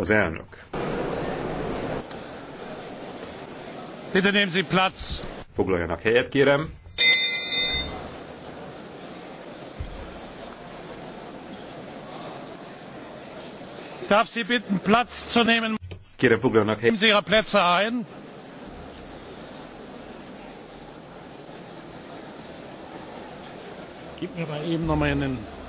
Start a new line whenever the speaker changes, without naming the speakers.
az elnök. Foglaljanak helyet, kérem.
Darf Sie bitten, Platz zu nehmen? Kérem, foglaljanak helyet. Sie Ihre Plätze
ein. Gib mir mal eben noch mal einen